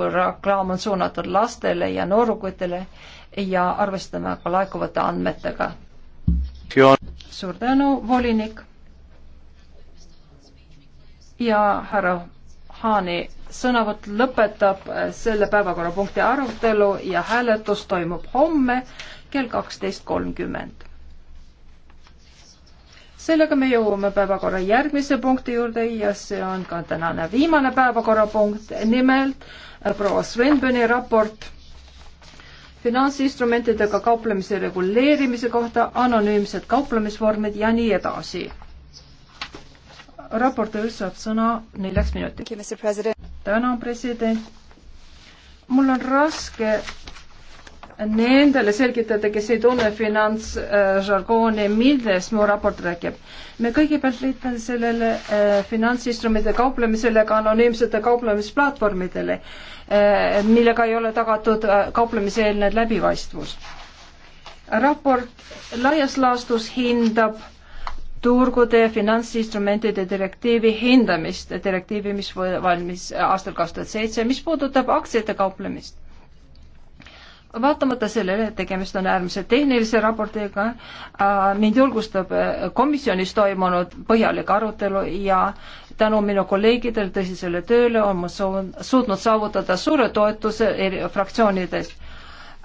kui reklaam on suunatud lastele ja noorukitele ja arvestame ka laekuvate andmetega. suur tänu, volinik. ja härra Haani sõnavõtt lõpetab selle päevakorrapunkti arutelu ja hääletus toimub homme kell kaksteist kolmkümmend sellega me jõuame päevakorra järgmise punkti juurde ja see on ka tänane viimane päevakorrapunkt, nimelt proua Svenbeni raport finantsinstrumentidega kauplemise reguleerimise kohta, anonüümsed kauplemisvormid ja nii edasi. raportöör saab sõna neljaks minutiks. tänan, president. mul on raske nendele selgitada, kes ei tunne finantsžargooni, millest mu raport räägib. me kõigepealt liitan sellele eh, finantsinstrumentide kauplemisele ka anonüümsete kauplemisplatvormidele, eh, millega ei ole tagatud eh, kauplemiseelne läbipaistvus. raport laias laastus hindab turgude finantsinstrumentide direktiivi hindamist, direktiivi, mis valmis aastal kaks tuhat seitse, mis puudutab aktsiate kauplemist vaatamata sellele, et tegemist on äärmiselt tehnilise raportiga, äh, mind julgustab äh, komisjonis toimunud põhjalik arutelu ja tänu minu kolleegidele tõsisele tööle on ma suutnud saavutada suure toetuse fraktsioonidest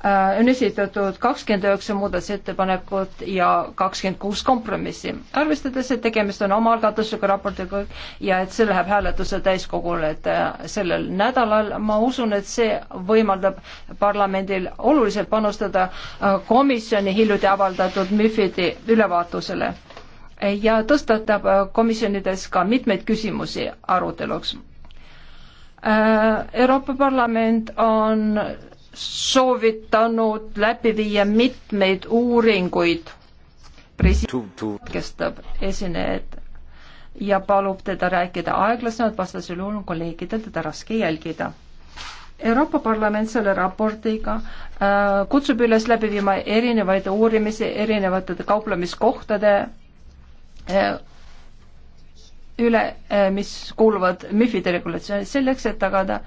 Äh, on esitatud kakskümmend üheksa muudatusettepanekut ja kakskümmend kuus kompromissi. arvestades, et tegemist on omaalgatusega raportiga ja et see läheb hääletuse täiskogule, et äh, sellel nädalal ma usun, et see võimaldab parlamendil oluliselt panustada äh, komisjoni hiljuti avaldatud MIFID-i ülevaatusele ja tõstatab komisjonides ka mitmeid küsimusi aruteluks. Euroopa Parlament on soovitanud läbi viia mitmeid uuringuid kestab esinejad ja palub teda rääkida aeglasemalt, vastasel juhul on kolleegidel teda raske jälgida. Euroopa Parlament selle raportiga äh, kutsub üles läbi viima erinevaid uurimisi erinevate kauplemiskohtade äh, üle äh,, mis kuuluvad MIFID-i regulatsiooni selleks, et tagada äh,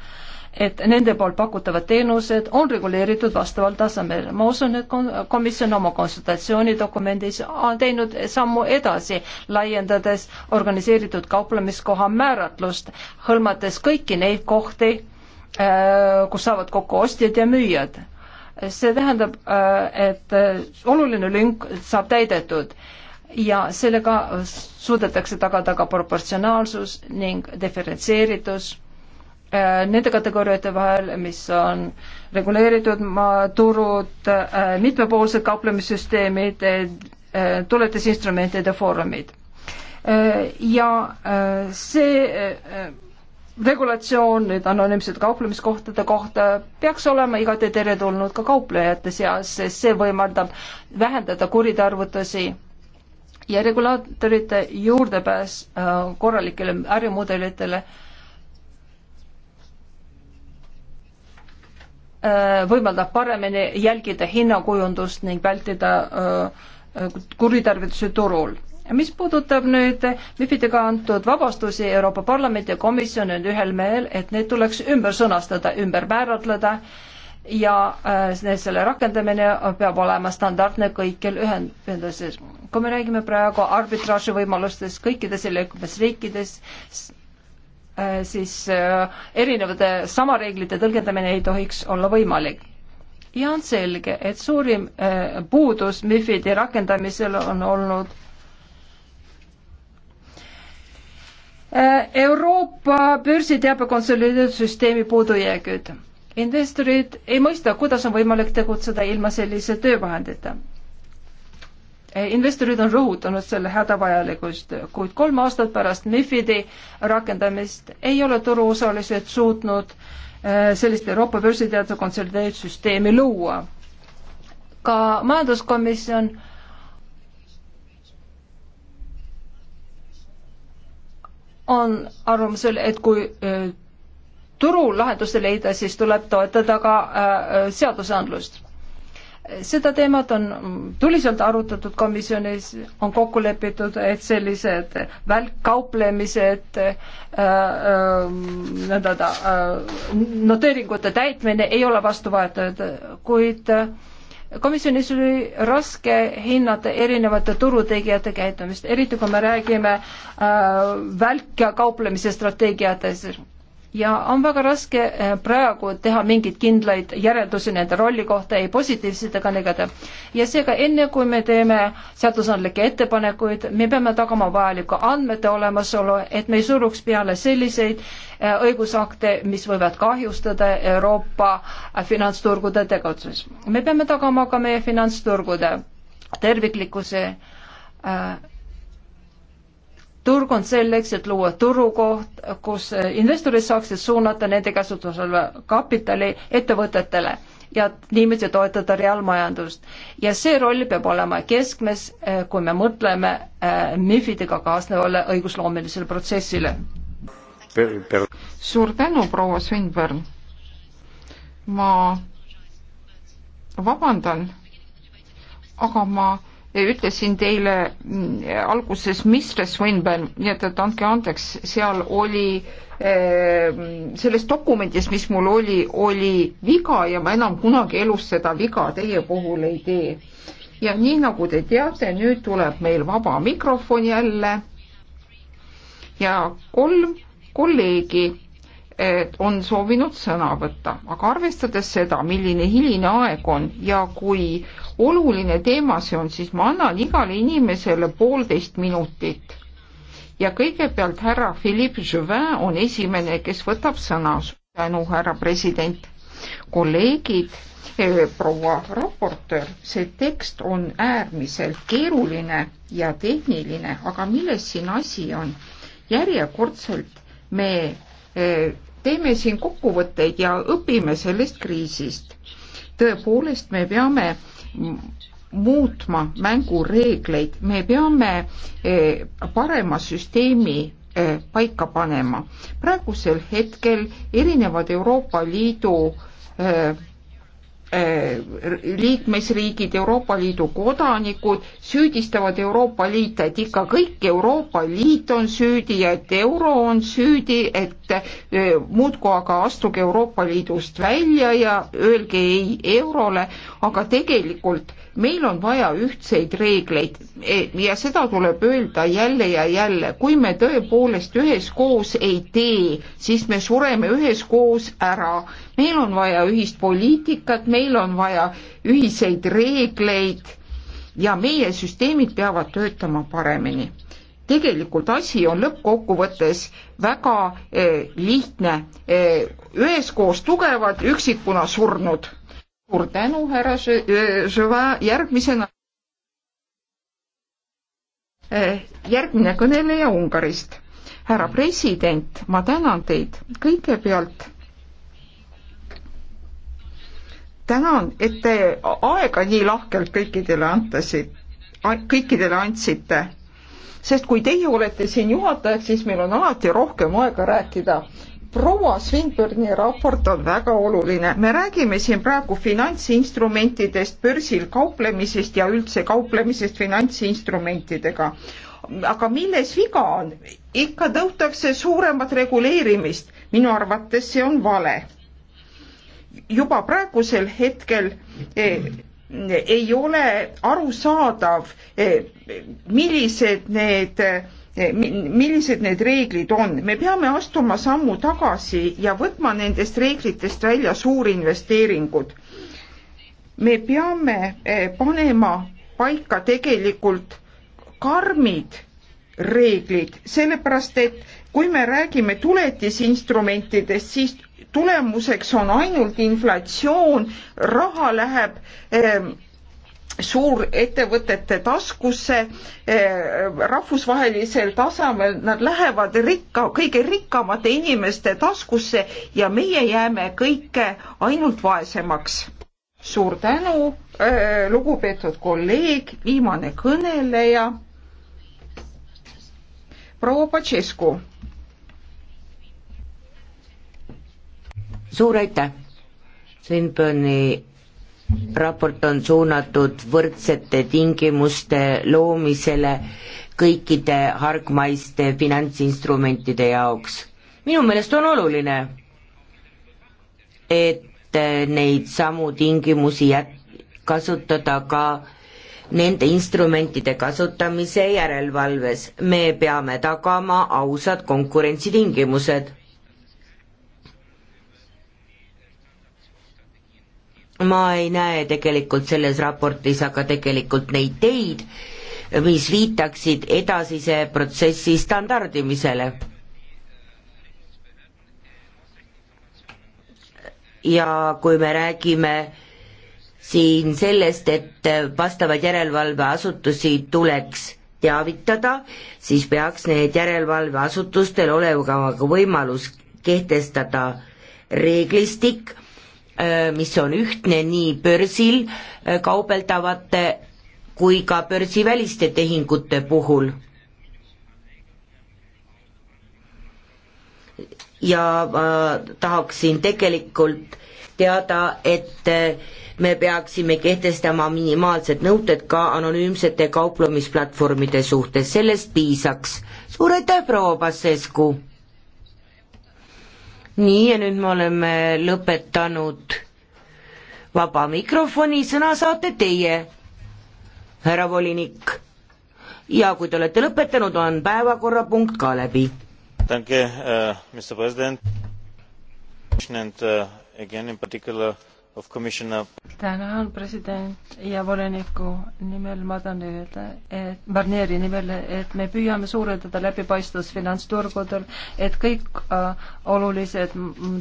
et nende poolt pakutavad teenused on reguleeritud vastaval tasemel. ma usun, et komisjon oma konsultatsioonidokumendis on teinud sammu edasi, laiendades organiseeritud kauplemiskoha määratlust, hõlmates kõiki neid kohti, äh, kus saavad kokku ostjad ja müüjad. see tähendab, äh, et äh, oluline lünk saab täidetud ja sellega suudetakse tagada ka proportsionaalsus ning diferentseeritus Äh, nende kategooriate vahel, mis on reguleeritud maaturud, äh, mitmepoolsed kauplemissüsteemid, äh, tuletisinstrumentide foorumid. ja see regulatsioon nüüd anonüümsete kauplemiskohtade kohta peaks olema igati teretulnud ka kauplejate seas, sest see võimaldab vähendada kuritarvutusi ja regulaatorite juurdepääs korralikele ärimudelitele äh, Äh, võimaldab paremini jälgida hinnakujundust ning vältida äh, kuritarvitusi turul. mis puudutab nüüd MIFIDega antud vabastusi, Euroopa Parlamendi komisjon on ühel mehel, et need tuleks ümber sõnastada, ümber määratleda ja äh, selle rakendamine peab olema standardne kõikjal ühenduses. kui me räägime praegu arbitraaži võimalustest kõikides liikmesriikides, Äh, siis äh, erinevate sama reeglite tõlgendamine ei tohiks olla võimalik. ja on selge, et suurim äh, puudus MIFID-i rakendamisel on olnud Euroopa börsiteabe konsolideerimissüsteemi puudujäägid. investorid ei mõista, kuidas on võimalik tegutseda ilma sellise töövahendita investorid on rõhutanud selle hädavajalikkust, kuid kolm aastat pärast MIFID-i rakendamist ei ole turuosalised suutnud äh, sellist Euroopa börsiteaduse konsolideeritud süsteemi luua. ka majanduskomisjon on arvamusel, et kui äh, turul lahendusi leida, siis tuleb toetada ka äh, seadusandlust seda teemat on tuliselt arutatud komisjonis, on kokku lepitud, et sellised välkkauplemised äh,, äh, nõnda äh, noteeringute täitmine ei ole vastu võetud, kuid komisjonis oli raske hinnata erinevate turutegijate käitumist, eriti kui me räägime äh, välk- ja kauplemise strateegiatest ja on väga raske eh, praegu teha mingeid kindlaid järeldusi nende rolli kohta, ei positiivseid ega negatiivseid. ja seega enne, kui me teeme seadusandlikke ettepanekuid, me peame tagama vajaliku andmete olemasolu, et me ei suruks peale selliseid eh, õigusakte, mis võivad kahjustada Euroopa eh, finantsturgude tegutsemist. me peame tagama ka meie finantsturgude terviklikkuse äh, turg on selleks, et luua turukoht, kus investorid saaksid suunata nende kasutusele kapitali ettevõtetele ja niiviisi toetada reaalmajandust. ja see roll peab olema keskmes, eh, kui me mõtleme eh, MIFIDega kaasnevale õigusloomelisele protsessile. suur tänu, proua Sundberg. ma vabandan, aga ma ütlesin teile mm, alguses Mistress Swinburne, nii et, et andke andeks, seal oli ehm, selles dokumendis, mis mul oli, oli viga ja ma enam kunagi elus seda viga teie puhul ei tee. ja nii nagu te teate, nüüd tuleb meil vaba mikrofon jälle ja kolm kolleegi on soovinud sõna võtta, aga arvestades seda, milline hiline aeg on ja kui oluline teema see on, siis ma annan igale inimesele poolteist minutit. ja kõigepealt härra Philippe Juvin on esimene, kes võtab sõna. tänu, härra president. kolleegid, eh, proua raportöör, see tekst on äärmiselt keeruline ja tehniline, aga milles siin asi on? järjekordselt me eh, teeme siin kokkuvõtteid ja õpime sellest kriisist. tõepoolest, me peame muutma mängureegleid, me peame eh, parema süsteemi eh, paika panema. praegusel hetkel erinevad Euroopa Liidu eh, Äh, liikmesriigid, Euroopa Liidu kodanikud süüdistavad Euroopa Liite, et ikka kõik Euroopa Liit on süüdi ja et euro on süüdi, et äh, muudkui aga astuge Euroopa Liidust välja ja öelge ei eurole, aga tegelikult meil on vaja ühtseid reegleid e, ja seda tuleb öelda jälle ja jälle. kui me tõepoolest üheskoos ei tee, siis me sureme üheskoos ära. meil on vaja ühist poliitikat, meil on vaja ühiseid reegleid ja meie süsteemid peavad töötama paremini tegelikult asi on lõppkokkuvõttes väga eh, lihtne eh,, üheskoos tugevad, üksikuna surnud suur tänu, härra Žõva, järgmisena. Eh, järgmine kõneleja Ungarist. härra president, ma tänan teid kõigepealt. tänan, et te aega nii lahkelt kõikidele antasite, kõikidele andsite sest kui teie olete siin juhatajad, siis meil on alati rohkem aega rääkida proua Swinburne'i raport on väga oluline. me räägime siin praegu finantsinstrumentidest, börsil kauplemisest ja üldse kauplemisest finantsinstrumentidega. aga milles viga on? ikka tõutakse suuremat reguleerimist. minu arvates see on vale. juba praegusel hetkel eh, ei ole arusaadav, eh, millised need eh, Eh, millised need reeglid on. me peame astuma sammu tagasi ja võtma nendest reeglitest välja suurinvesteeringud. me peame eh, panema paika tegelikult karmid reeglid, sellepärast et kui me räägime tuletisinstrumentidest, siis tulemuseks on ainult inflatsioon, raha läheb ähm, suurettevõtete taskusse eh, rahvusvahelisel tasemel, nad lähevad rikka, kõige rikkamate inimeste taskusse ja meie jääme kõike ainult vaesemaks. suur tänu, eh, lugupeetud kolleeg, viimane kõneleja, proua Pačesku. suur aitäh, Sven Põlni raport on suunatud võrdsete tingimuste loomisele kõikide hargmaiste finantsinstrumentide jaoks. minu meelest on oluline, et neid samu tingimusi jät-, kasutada ka nende instrumentide kasutamise järelevalves. me peame tagama ausad konkurentsitingimused ma ei näe tegelikult selles raportis aga tegelikult neid teid, mis viitaksid edasise protsessi standardimisele. ja kui me räägime siin sellest, et vastavaid järelevalveasutusi tuleks teavitada, siis peaks need järelevalveasutustel olema ka võimalus kehtestada reeglistik Äh, mis on ühtne nii börsil äh, kaubeldavate kui ka börsiväliste tehingute puhul. ja ma äh, tahaksin tegelikult teada, et me peaksime kehtestama minimaalsed nõuded ka anonüümsete kauplemisplatvormide suhtes, sellest piisaks. suur aitäh, proua Pasescu! nii ja nüüd me oleme lõpetanud vaba mikrofoni, sõna saate teie, härra volinik. ja kui te olete lõpetanud, on päevakorrapunkt ka läbi. Danke uh,, äh, Mr President. And uh, äh, again in particular of Commissioner tänan president ja voliniku nimel ma tahan öelda, et Barnieri nimel, et me püüame suurendada läbipaistvust finantsturgudel, et kõik äh, olulised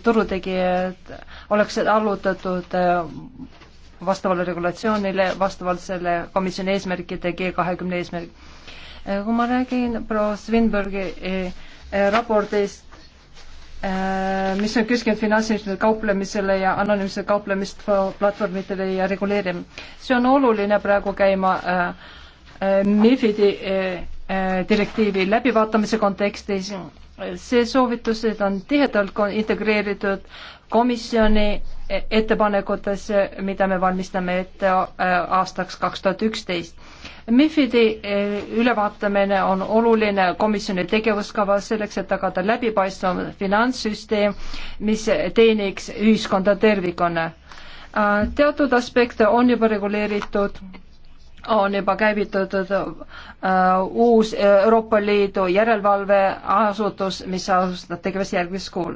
turutegijad oleksid allutatud äh, vastavale regulatsioonile, vastavalt selle komisjoni eesmärkide, G kahekümne eesmärk äh,. kui ma räägin proua Svinbergi äh, äh raportist Äh, mis on keskendunud finantsilistele kauplemisele ja anonüümsele kauplemist platvormidele ja reguleerima. see on oluline praegu käima äh, äh, MIFID-i direktiivi läbivaatamise kontekstis see soovitused on tihedalt integreeritud komisjoni e-, ettepanekutesse, mida me valmistame ette äh, aastaks kaks tuhat üksteist. MIFID-i äh, ülevaatamine on oluline komisjoni tegevuskava selleks, et tagada läbipaistvam finantssüsteem, mis teeniks ühiskonda tervikuna. Äh, teatud aspekte on juba reguleeritud on juba käivitatud uh, uus Euroopa Liidu järelevalveasutus, mis alustab tegevust järgmisel kuul.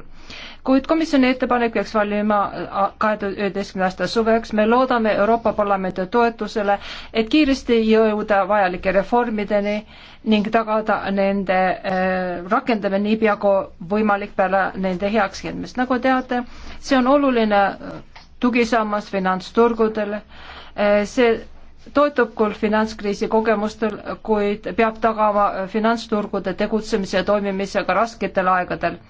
kuid komisjoni ettepanek peaks valmima äh, kahe tuhande üheteistkümnenda aasta suveks. me loodame Euroopa Parlamendi toetusele, et kiiresti jõuda vajalike reformideni ning tagada nende uh, rakendamine niipea kui võimalik peale nende heakskiitmist. nagu teate, see on oluline tugisammas finantsturgudele. see toetub küll finantskriisi kogemustel, kuid peab tagama finantsturgude tegutsemise ja toimimisega rasketel aegadel.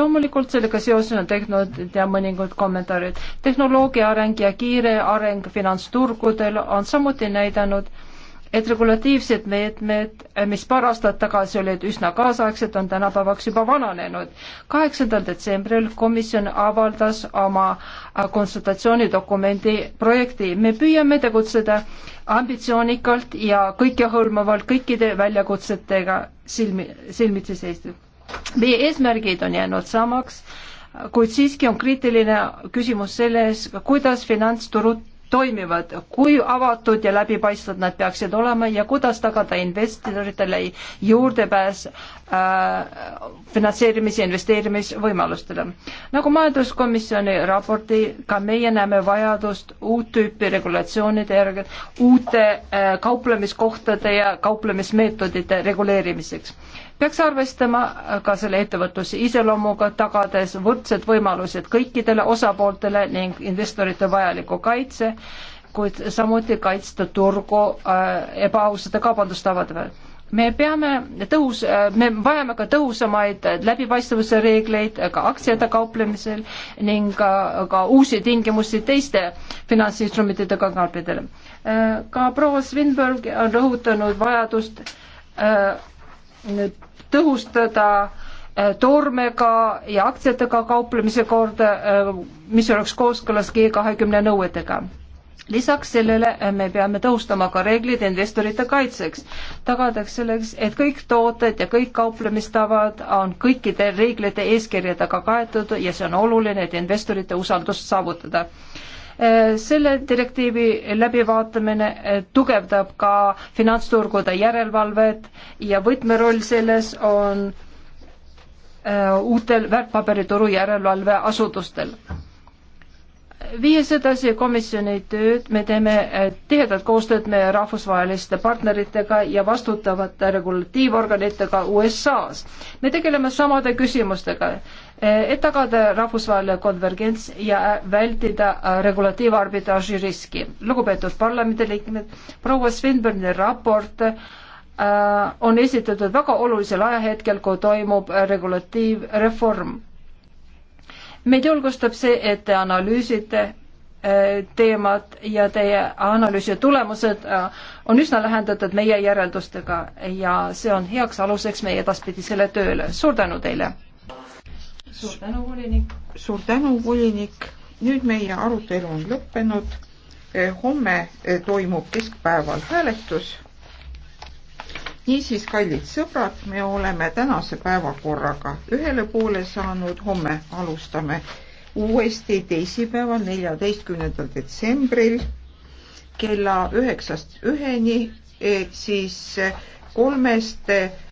loomulikult sellega seoses on tehtud ja mõningad kommentaarid. tehnoloogia areng ja kiire areng finantsturgudel on samuti näidanud, et regulatiivsed meetmed, mis paar aastat tagasi olid üsna kaasaegsed, on tänapäevaks juba vananenud. kaheksandal detsembril komisjon avaldas oma äh, konsultatsioonidokumendi projekti. me püüame tegutseda ambitsioonikalt ja kõikehõlmavalt kõikide väljakutsetega silmi, silmitsi seista. meie eesmärgid on jäänud samaks, kuid siiski on kriitiline küsimus selles, kuidas finantsturud toimivad, kui avatud ja läbipaistvad nad peaksid olema ja kuidas tagada investoritele juurdepääs äh, finantseerimis- ja investeerimisvõimalustele. nagu Majanduskomisjoni raporti, ka meie näeme vajadust uut tüüpi regulatsioonide järgi, uute äh, kauplemiskohtade ja kauplemismeetodite reguleerimiseks peaks arvestama ka selle ettevõtluse iseloomuga, tagades võrdsed võimalused kõikidele osapooltele ning investorite vajaliku kaitse, kuid samuti kaitsta turgu äh, ebaausate kaubandustavade peal me peame tõhus, äh, me vajame ka tõhusamaid läbipaistvuse reegleid ka aktsiate kauplemisel ning ka, ka uusi tingimusi teiste finantsinstrumentide kanalidele. Äh, ka proua Svinberg on rõhutanud vajadust äh, tõhustada äh, toormega ja aktsiatega kauplemise korda, äh, mis oleks kooskõlas G kahekümne nõuetega. lisaks sellele äh, me peame tõhustama ka reeglid investorite kaitseks, tagadeks selleks, et kõik tooted ja kõik kauplemistavad on kõikide reeglite eeskirjadega kaetud ja see on oluline, et investorite usaldust saavutada Äh, selle direktiivi läbivaatamine äh, tugevdab ka finantsturgude järelevalvet ja võtmeroll selles on äh, uutel väärtpaberituru järelevalveasutustel viies edasi komisjoni tööd, me teeme äh, tihedat koostööd meie rahvusvaheliste partneritega ja vastutavate regulatiivorganitega USA-s. me tegeleme samade küsimustega, äh, et tagada rahvusvaheline konvergents ja äh, vältida regulatiivarbitraaži riski. lugupeetud parlamendiliikmed, proua Svinbergi raport on esitatud väga olulisel ajahetkel, kui toimub regulatiivreform meid julgustab see, et te analüüsite äh, teemat ja teie analüüsi tulemused äh, on üsna lähendatud meie järeldustega ja see on heaks aluseks meie edaspidisele tööle. suur tänu teile! suur tänu, volinik! suur tänu, volinik! nüüd meie arutelu on lõppenud. homme eh, toimub keskpäeval hääletus niisiis, kallid sõbrad, me oleme tänase päevakorraga ühele poole saanud, homme alustame uuesti teisipäeval, neljateistkümnendal detsembril kella üheksast üheni, siis kolmest